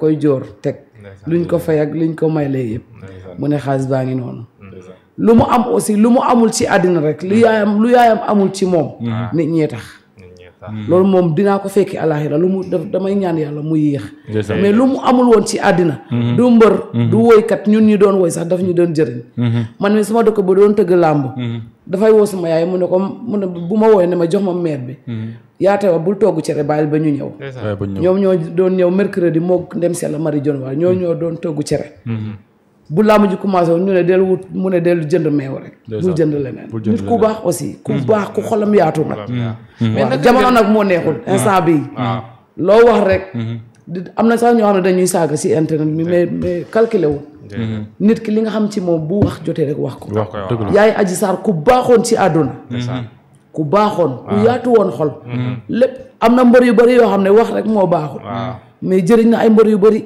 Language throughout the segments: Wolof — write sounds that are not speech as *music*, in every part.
koy jóor teg luñ ko fay ak liñ ko may lay yëpp mu ne xaalis baa ngi noonu lu mu am aussi lu mu amul ci àddina rek lu yaayam lu yaayam amul ci moom nit ñee tax Mm. loolu moom dinaa ko fekki àlaxira lu mu def damay ñaan yàlla mu yéex mais lu mu amul woon ci àddina mm-hmm. du mbër mm-hmm. du woykat ñun ñu doon woy sax daf ñu doon jëriñ mm-hmm. man mi sama dëkk ba doon tëgg làmb dafay woo sama yaay mu ne ko mu ne bu ma wooy ne ma jox ma meer bi yaate wa bul togg cere bàyyil ba ñu ñëw ñoom ñoo doon ñëw mercredi moo dem si yàlla mari jon waa ñoo ñoo doon togg cere bu làmb ji commencé woon ñu ne mu ne dellu jënd meew rek. bul jënd leneen nit ku baax aussi. ku mm-hmm. baax ku xolam yaatu nag. Mm-hmm. mais jamono nag moo neexul mm-hmm. instant bii. Ah. loo wax rek. am na sax ñoo xam ne dañuy saaga si internet bi mais mais calculé wu. nit ki li nga xam ci moom bu wax jotee rek wax ko. yaay aji saar ku baaxoon ci àdduna. ku baaxoon ku ah. yaatu woon xol. lépp am na mbër yu bari yoo xam ne wax rek moo baaxul. Ah. mais jëriñ na ay mbër yu bëri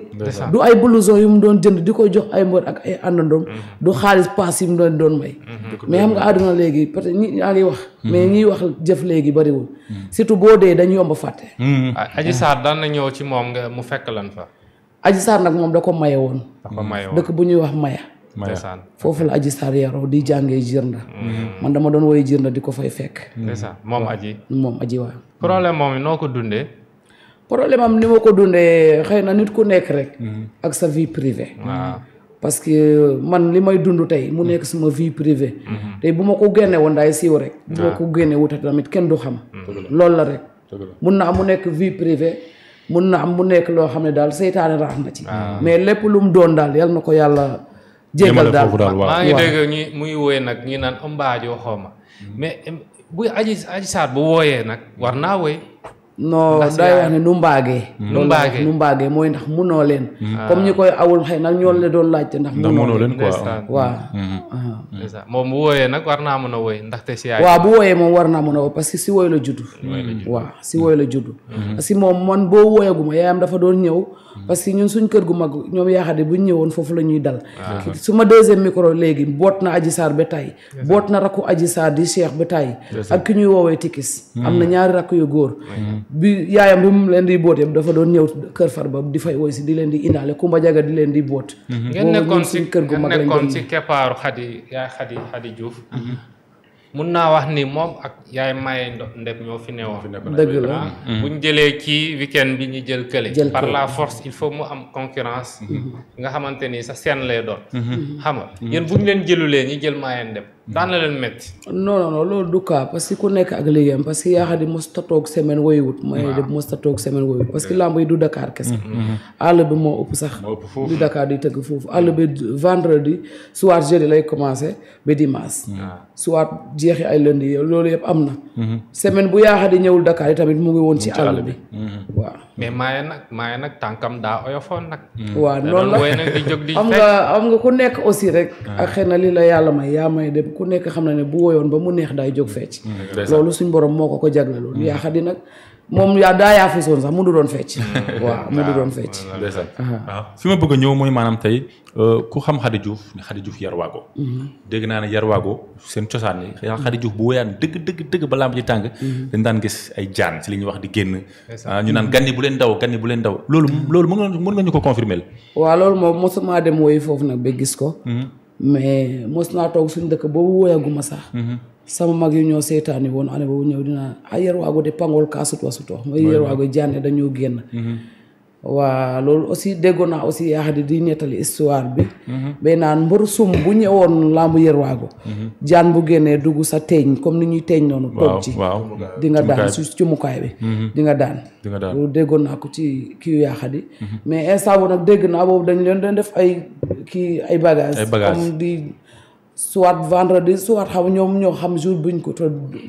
du ay blouson yu mu doon jënd di ko jox ay mbër ak ay àndandoom mm-hmm. du xaalis paas yi mu doon doon may mm-hmm. mais xam nga àdduna léegi peut être ñi ñaa wax mm-hmm. mais ñiy wax jëf léegi bëriwul surtout boo dee dañu yomb fàtte Adji Sarr daan ñëw ci moom mu fekk lan fa Adji Sarr nag moom da ko maye woon dëkk bu ñuy wax maya foofu la Adji Sarr yaroo di jàngee jirnda man dama doon woy jirnda di ko fay fekk moom aji moom aji waa problème moom noo ko dundee problème am li ma ko dundee xëy na nit ku nekk rek. Mhm. ak sa vie privée. parce que euh, man li may dund tey mu nekk suma vie privée. Mhm. tey bu ma ko génne woon daay siiw rek. Ah. bu ma ko génne wuta tamit kenn du xam. Mhm. loolu la rek. mun na am mu nekk vie privée mun na am mu nekk loo xam ne daal seytaane rax na ci. Ah. mais lépp lu mu doon daal yal ma ko yàlla. jégal daal maa ngi dégg ñi muy wooye nag ñi naan ëmbaajoo xaw ma mais bu aji aji saat bu wooyee nag war naa wooy non day wax ne nu mbaagee mm. nu mbaagee nu mbaagee mooy ndax munoo leen mm. comme ñi koy awul xëy nag ñoo lee doon laajte ndax munoo leen quoi waaw mm-hmm. moom bu wooyee nag war naa mën a woy ndaxte si yaay waaw wooyee moom war naa mën a parce que si woy la juddu waaw si woy la juddu mm-hmm. parce moom man boo wooyaguma yaayam dafa doon ñëw parce que ñun suñ kër gu mag ñoom yaaxade buñ ñëwoon foofu la ñuy dal ah. su ma deuxième micro léegi boot na Adji Sarr ba tey boot na rakku Adji Sarr di Cheikh ba tey ak ki ñuy woowee tikis mm. am na ñaari rakk yu góor bi yaayam bi mu leen di booteem dafa doon ñëw kër Farba di fay woy di leen di indaale Kumba Jaga di leen di boot. Mhm. ngeen nekkoon si kër gu mag lañ nekkoon si keppaaru Xadi yaay Xadi Xadi Diouf. Mhm. mun naa wax ni moom ak yaay ñoo fi newoon. dëgg la mhm. bu ñu jëlee kii weekend bi ñu jël kële. par la force il faut mu am concurrence. nga xamante ni sa seen lay doon. xam nga yéen bu ñu leen jëlulee ñu jël maye ndeb. daan na leen métti. non non non loolu du cas parce que ku nekk ak liggéeyam parce que yaakaar ni a toog semaine woyuwut. waaw de mosut a toog semaine woyuwut parce que lamb yi du Dakar kese. Mm-hmm, mm-hmm. àll bi moo ëpp sax. du Dakar di tëgg foofu àll bi vendredi soit jeudi lay commencé ba dimanche. Mm-hmm. Ah. soit jeexi ay lundi loolu yëpp am na. semaine bu yaakaar ñëwul Dakar yi tamit mu ngi woon ci àll bi. waaw mais maaye nag maaye nag tànkam daa oyofoon nag. waaw noonu la am nga am nga ku nekk aussi rek. Ah. Ah, ku nekk xam na ne bu woyoon ba mu neex day jóg fecc mm, loolu suñ borom moo ko ko jagle loolu mm. yaa xadi nag moom yaa daa yaa fusoon sax mu du doon fecc mm. *laughs* waaw mu du doon fecc waaw fi ma bëgg a ñëw mooy maanaam tey euh, ku xam Xadi Juuf ne Xadi Juuf Yarwago mm-hmm. dégg naa ne Yarwago seen cosaan yi Xadi Juuf bu dëgg ba làmb ci tàng mm-hmm. dañ daan gis ay jaan si li ñuy wax di génn ah, ñu naan mm-hmm. gan yi bu leen daw gan yi bu leen daw loolu loolu mën nga mën nga ñu ko confirmer la waaw loolu moom mosuma dem woy foofu nag ba gis ko mais mos naa toog suñu dëkk boobu woyaguma sax mhm. sama mag yu ñoo seetaani woon année boobu ñëw dinaa ay yerwaago de pangol kaa sutwa sutwa mooy yerwaago jànne dañoo génn mhm. waa loolu aussi déggoon naa aussi yaa xam di nettali histoire bi mhm. bay naan mbër sum bu ñëwoon làmb yerwaago jaan bu génnee dugg sa teeñ comme ni ñuy teeñ noonu toog ci di daan su ci bi di daan loolu déggoon naa ko ci kii yaa mais instant bu nag dégg naa boobu dañ leen doon def ay kii ay bagages. ay bagages comme di soit vendredi soit ñoom ñoo xam jour buñ ko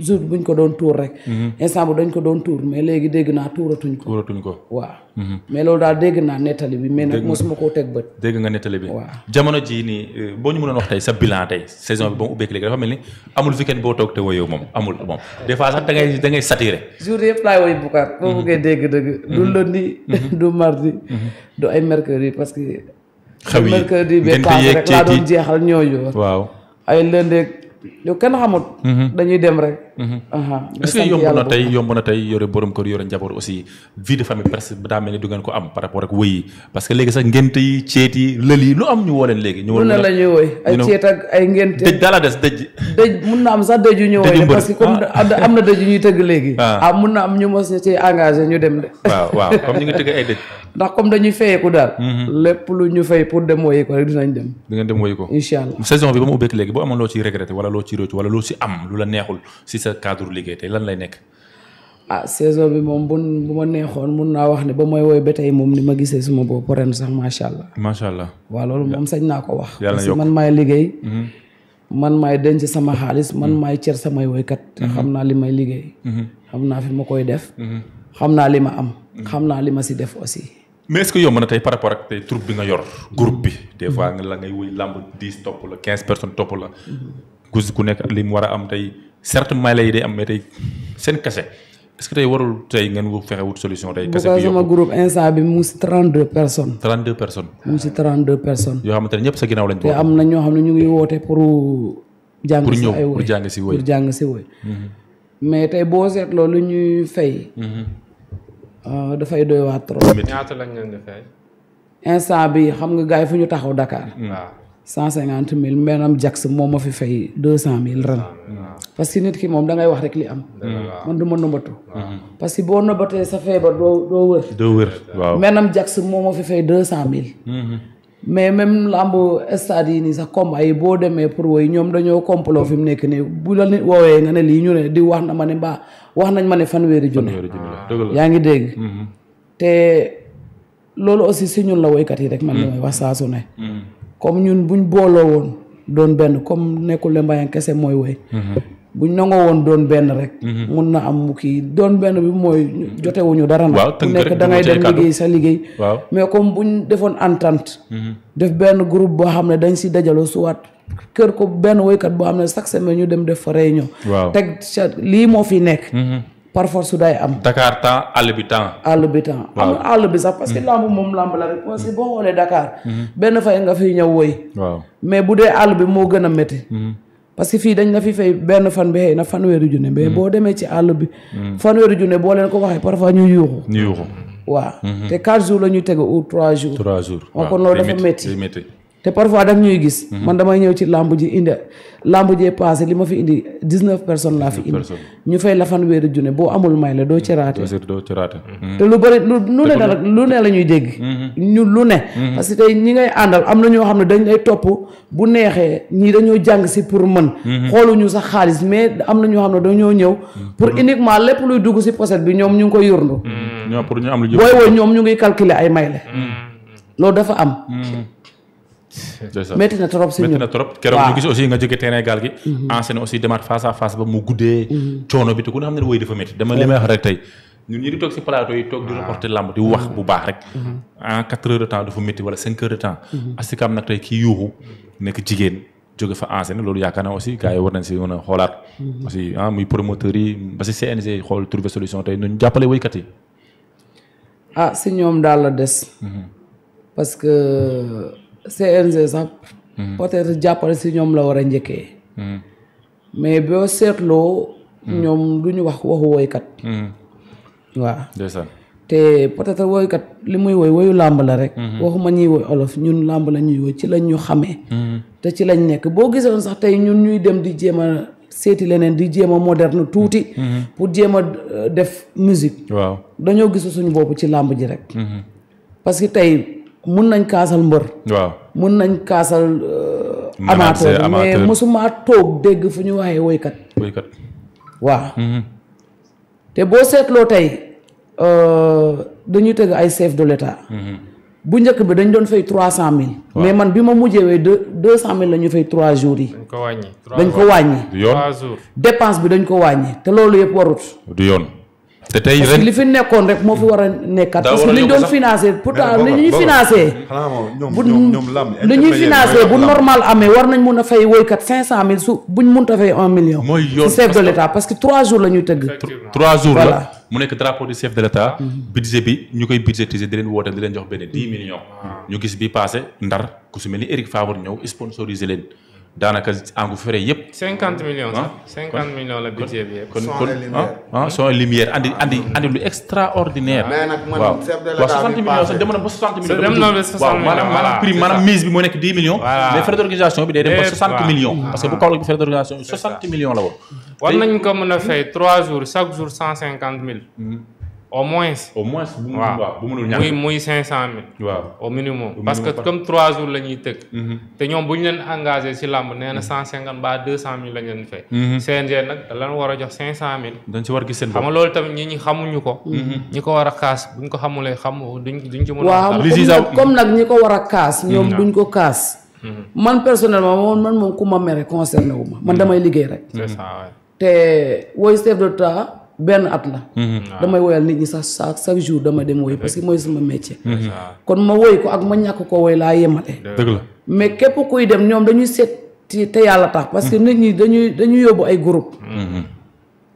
jour buñ ko doon tour rek. Mhm. instant dañ ko doon tour mais léegi dégg naa tuuratuñ ko. tuuratuñ ko waaw. Mhm. mais loolu daal dégg naa nettali bi. mais nag mosuma koo teg bët. dégg nga nettali bi waaw. jamono jii nii euh, boo ñu mënoon wax tey sa bilan tey saison bi ba mu ubbeek léegi dafa mel ni amul weekend boo toog te woyoo moom amul moom des fois sax da ngay da ngay satiré. jour yëpp laay woy Boucar. boo mhm. bëggee dégg dëgg. du lundi. *laughs* ay mercredi parce que. xew yi mercredi bi paase rek laa doon jeexal ñooñu waaw ay lëndeeg yow kenn xamut. Mhm. dañuy dem rek. Mhm. est yomb na tey yore borom kër yore njaboot aussi vie famille presque daa mel ni du ngeen ko am par rapport ak wëy parce que léegi sax ngént yi ceet yi lël yi lu am ñu woo leen léegi. ñu ne la woy ay ceet ay ngént. dëj des dëj. dëj mun na am sax dëj yu ñu woy parce que comme ah. am na dëj yu ñuy tëgg léegi. Ah. ah mun na am ñu mos ñu ci engagé ñu dem de. waaw waaw comme ñu ngi tëgg ay dëj. *laughs* ndax comme dañuy fayeeku mhm. ko loo ci rëcc wala loo si am lu la neexul si sa cadre liggéey tey lan lay nekk. ah saison bi moom bu bu ma neexoon mun naa wax ne ba may woy ba tey moom ni ma gisee suma bopp ren sax macha allah. macha allah waaw loolu moom ko wax. parce que man maay liggéey. Mm-hmm. man maay denc sama xaalis man mm-hmm. maay cer samay kat mm-hmm. xam naa li may liggéey. xam naa fi ma koy def. xam naa li ma am. xam naa li ma si def aussi. mais est-ce que yomb na tey par rapport ak troupe bi nga yor groupe bi des fois la ngay wuy làmb dix topp la quinze la gauze ku nekk ak li mu war a am tey certes mala yi day am mais tey seen kase est tey warul tey ngeen wu fexe wut solution tey. kase bi mu ngi si 32 personnes. personnes. mu ngi si 32 personnes. yoo xamante ne ñëpp sa ginnaaw lañ. te am na ñoo xam ne ñu ngi woote pour. jàng si ay woy pour jàng si mm-hmm. mais tey boo seetloo lu ñuy fay. Mm-hmm. Euh, dafay doy waa trop. ñaata lañ leen di fay. instant bi xam nga gars fu ñu taxaw Dakar. Mm. Ah. cent cinquante mille maanaam jax moom ma fi fay deux cent mille ren parce que nit ki moom da ngay wax rek li am man du ma nëbbatu mhm. parce que boo nëbbatee sa feebar doo doo wër doo wër jax moom ma fi fay deux cent mille mhm. mais même làmb stade yi nii sax combat ay boo demee pour woy ñoom dañoo complot fi mu nekk nii bu la nit woowee nga ne lii ñu ne di wax na ma ne mbaa wax nañ ma ne fan fanweeri junne yaa ngi dégg mhm. te loolu aussi si ñun la woykat yi rek man damay wax saa su ne comme ñun bu ñu booloo woon doon benn comme nekkul le kese mooy woy mhm. buñ nangoo woon doon benn rek mhm. mun na am mu kii doon benn bi mooy jotewuñu dara nag ku nekk da ngay dem liggéey sa liggéey mais comme buñ defoon entente mhm. def benn groupe boo xam ne dañ si dajaloo suwaat kër ko benn woykat boo xam ne chaque semaine ñu dem def fa réunion teg lii moo fi nekk par force day am. Dakar temps àll bi temps. àll bi temps am àll bi sax parce que mm-hmm. lamb moom lamb la rek parce que boo xoolee Dakar. Mm-hmm. benn fay nga fiy ñëw woy waaw mais bu dee àll bi moo gën a métti. Mm-hmm. parce que fii dañ la fi fay benn fan bi xëy na fanweeri junne boo demee ci àll bi. fanweeri junne boo leen ko waxee parfois ñu yuuxu. ñu yuuxu waaw. te quatre jours la ñuy teg ou trois jours. trois jours waaw kon loolu dafa métti. te parfois da ñuy gis. Mhm. man damay ñëw ci làmb ji indi làmb jee passé li ma fi indi dix neuf personnes laa fi indi. ñu fay la fanweeri junne boo amul may la doo ci raate. doo ci mhm. Mhm. te lu bëri lu lu ne la lu ne la ñuy dégg. ñu lu ne. parce que ñi ngay àndal am na ñoo xam ne dañ lay topp bu neexee ñi dañoo jàng si pour mën. xooluñu sax xaalis mais am na ñoo xam ne dañoo ñëw. pour uniquement lépp luy dugg si poset bi ñoom ñu ngi koy yurndu. ñoom pour ñu am lu jëm wooy ñoom ñu ngiy calculer ay may la. dafa am. métti na trop si métti na trop keroog ñu gis aussi nga jóge terrain gaal gi mhm. enchaîné aussi demaat face à ba mu guddee mhm. coono bi te ku ne xam ne woy wax rek tey ñun ñi di toog si ah. mhm. de temps dafa métti wala nag tey kii yuuxu nekk jigéen jóge fa enchaîné loolu yaakaar naa aussi gars yi war nañ si mën a xoolaat aussi ah muy promoteurs yi ba si CNG xool trouver solution tey ñu jàppale woykat ah si ñoom daal la des parce que CNG sax. Mm-hmm. peut-être jàppale si ñoom la war a njëkkee. Mm-hmm. mais boo seetloo. Mm-hmm. ñoom du ñu wax waxu woykat. waaw ndeysaan te peut-être woykat li muy woy woyu làmb la rek. waxuma ñi woy olof ñun làmb la ñuy woy ci lañ ñu xamee. te ci lañ nekk boo gisoon sax tey ñun ñuy dem di jéem a seeti leneen di jéem a moderne tuuti. pour jéem a euh, def musique. waaw dañoo gisu suñu bopp ci làmb ji rek. parce tey mun nañ kaasal mbër. waaw mun nañ kaasal. Euh, amateur mais mosuma toog dégg fu ñu waxee woykat. woykat mhm. te boo seetloo tey euh, dañuy tëgg ay chef de l'état. Mhm. bu njëkk bi dañ doon fay trois cent mille. mais man bi ma mujjewee deux deux cent mille la ñu fay trois jours yi. dañ ko wàññi. dañ ko wàññi. du yoon dépense bi dañ ko wàññi te loolu yëpp warut. du yoon. te tey ren li fi nekkoon rek moo fi war a nekkat. parce que li ñu doon financé pourtant li li ñuy financé bu normal amee war nañ mun a fay woykat cinq cent mille su buñ munta fay un million. mooy yoon ci chef de l' parce que trois jours la ñuy tëgg. trois jours la mu nekk drapeau du chef de l' état. Mhm. bi ñu koy budgétiser di leen woote di leen jox benn dix millions. Ah. ñu gis bi passé ndar ku su mel ni Eric Favre ñëw sponsorisé leen. daanaka angu frais yëpp. 50 millions ah. sax 50 millions la budget bi yëpp. son ah, ah, andi andi lu extraordinaire. mais nag man chef de l'État bi waaw 60 millions dem na ba 60 dem na ba 60 millions maanaam maanaam prix mise bi moo nekk 10 millions. mais frais d'organisation bi day dem ba 60 millions. parce que bu kaw la frais d'organisation bi 60 millions la woon. war nañ ko mën a fay 3 jours chaque jour 150 000. au moins. au moins muy muy 500000. waaw au minimum. parce que comme 3 jours la ñuy tëgg. Mhm. te ñoom bu ñu leen engagé ci làmb nee na 150 mbaa 200000 la ñu leen fay. Mhm. nag da war a jox 500000. dañ ci war gis seen bopp loolu tamit ñi ñi xamuñu ko. Mhm. ñi ko war a kaas buñ ko xamulee xam duñ duñ ci mën a. waaw comme nag ñi ko war a kaas. ñoom duñ ko kaas. man personnellement moom man moom ku ma mere concerné wu man damay liggéey rek. c'est te woy chef de benn at la. Mhm. damay woyal nit ñi sax chaque jour dama dem woy parce que mooy sama métier. Mhm. kon ma woy ko ak ma ñàkk ko woy laa yemale. mais képp kuy dem ñoom dañuy seet te yàlla tax. parce que mhm. nit ñi dañuy dañuy yóbbu ay groupe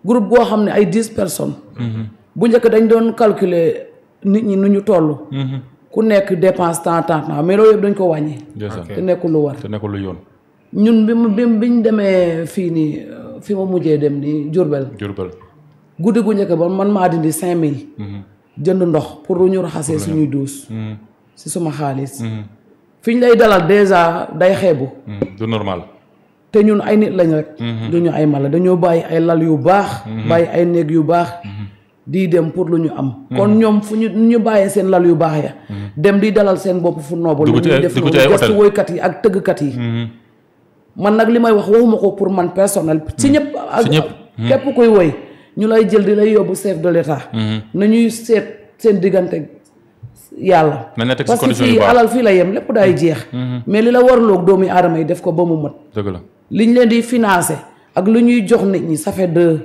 groupe boo xam ne ay dix personnes. bu njëkk dañ doon calculer nit ñi nu ñu toll. ku nekk dépense temps temps mais loolu yëpp dañ ko wàññi. te nekkul lu war nekkul yoon. ñun bi mu bi ñu demee fii nii fi ma mujjee dem nii Diourbel. guddi gu njëkk ba man maa dindi cinq mille mhm. jënd ndox pour lu ñu raxasee suñuy duus mhm. si suma xaalis mhm. fi ñu lay dalal déjà day xeebu du normal te ñun ay nit lañ rek duñu ay mala dañoo bàyyi ay lal yu baax bàyyi ay néeg yu baax di dem pour lu ñu am kon ñoom fu ñu ñu bàyyee seen lal yu baax ya dem di dalal seen bopp fu noobul lu ñuy def gestu woykat yi ak tëggkat yi man nag li may wax waxuma ko pour man personnel ci ñëpp ak képp koy woy ñu lay jël di lay yóbbu chef de mhm. na ñuy seet seen diggante yàlla parce que fii alal fii la yem lépp daay mhm. jeex mhm. mais li la warloog doomu aadama yi def ko ba mu mat dëgg la liñ leen di finance ak lu ñuy jox nit ñi ça fait deux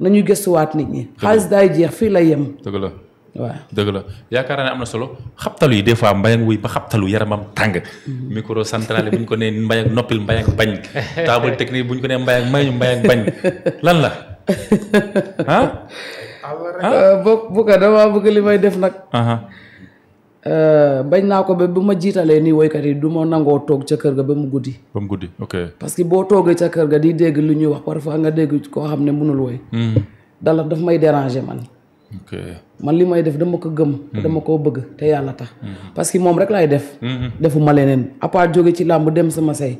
nañu gëstuwaat nit ñi xaalis daay jeex fii la yem dëgg la waaw yaakaar naa am na solo xabtalu yi des fois mbayang wuy ba xabtalu yaramam tàng micro central bu ñu ko nee mbayang noppil mbayang bañ *laughs* table technique bu ñu ko nee mbayang mayñu mbayang bañ *laughs* lan la ah. bu bu ko damaa bëgg li may def nag. Eh, bañ naa ko ba bu ma jiitalee nii woykat yi du ma nangoo toog ca kër ga ba mu guddi. guddi ok. parce que boo toogee ca kër ga di dégg lu ñuy wax parfois nga dégg koo xam ne mënul woy. Hmm. dala daf may déranger man. ok man li may def dama ko gëm. Hmm. dama koo bëgg te yàlla tax. Hmm. parce que moom rek laay def. defuma leneen à jóge ci làmb dem sama sey.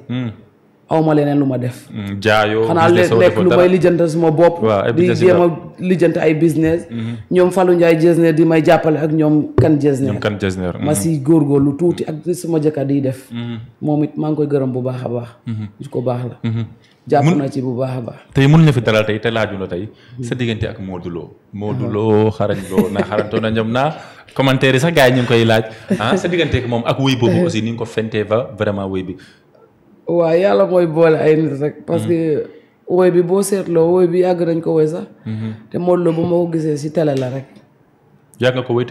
aw ma leneen lu ma def. Mm, jaayoo xanaa lekk lu may lijjante suma bopp. di jéem a lijjante ay business. Mhm. ñoom Fallou Ndiaye Jesner di may jàppale ak ñoom kan Jesner. ñoom kan Jesner. ma mhm. si góorgóorlu tuuti ak suma jëkkër di def. Mhm. moom it maa ngi koy gërëm bu baax a baax. ju ko baax la. jàpp na ci bu baax a baax. tey mun na fi dalal tey te laaju la tey. sa diggante ak Modou Lo. Modou Lo xarañ loo naa too na ñoom naa commentaire yi sax gars yi ñu ngi koy laaj ah sa diggante ak moom ak wéy boobu *laughs* aussi ni nga ko fentee ba vraiment wéy bi waa yàlla mooy boole ay nit rek. parce mm-hmm. que woy bi boo seetloo woy bi yàgg nañ ko woy sax. Mm-hmm. te Modou Lo bu ma gisee si télé la rek. yàgg nga ko woy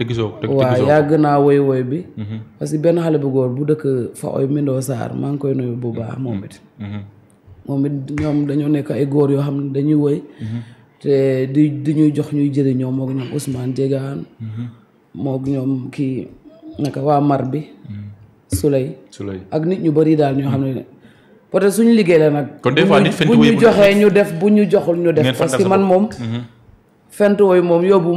naa woy woy bi. Mm-hmm. parce que benn xale bu góor bu dëkk fa oy Mindo Sarr maa ngi koy nuyu bu baax moom it. moom it ñoom dañoo nekk ay góor yoo xam ne dañuy woy. te di di ñuy jox ñuy jëriñoo moog ñoom Ousmane Diegane. moog ñoom kii naka waa Mar bi. Souley. Souley ak nit ñu bari daal ñoo xam ne. peut su suñu liggéey la nag. kon des bu ñu joxee ñu def bu ñu joxul ñu def. parce que man moom. Mhm. fent wooyu moom yóbbu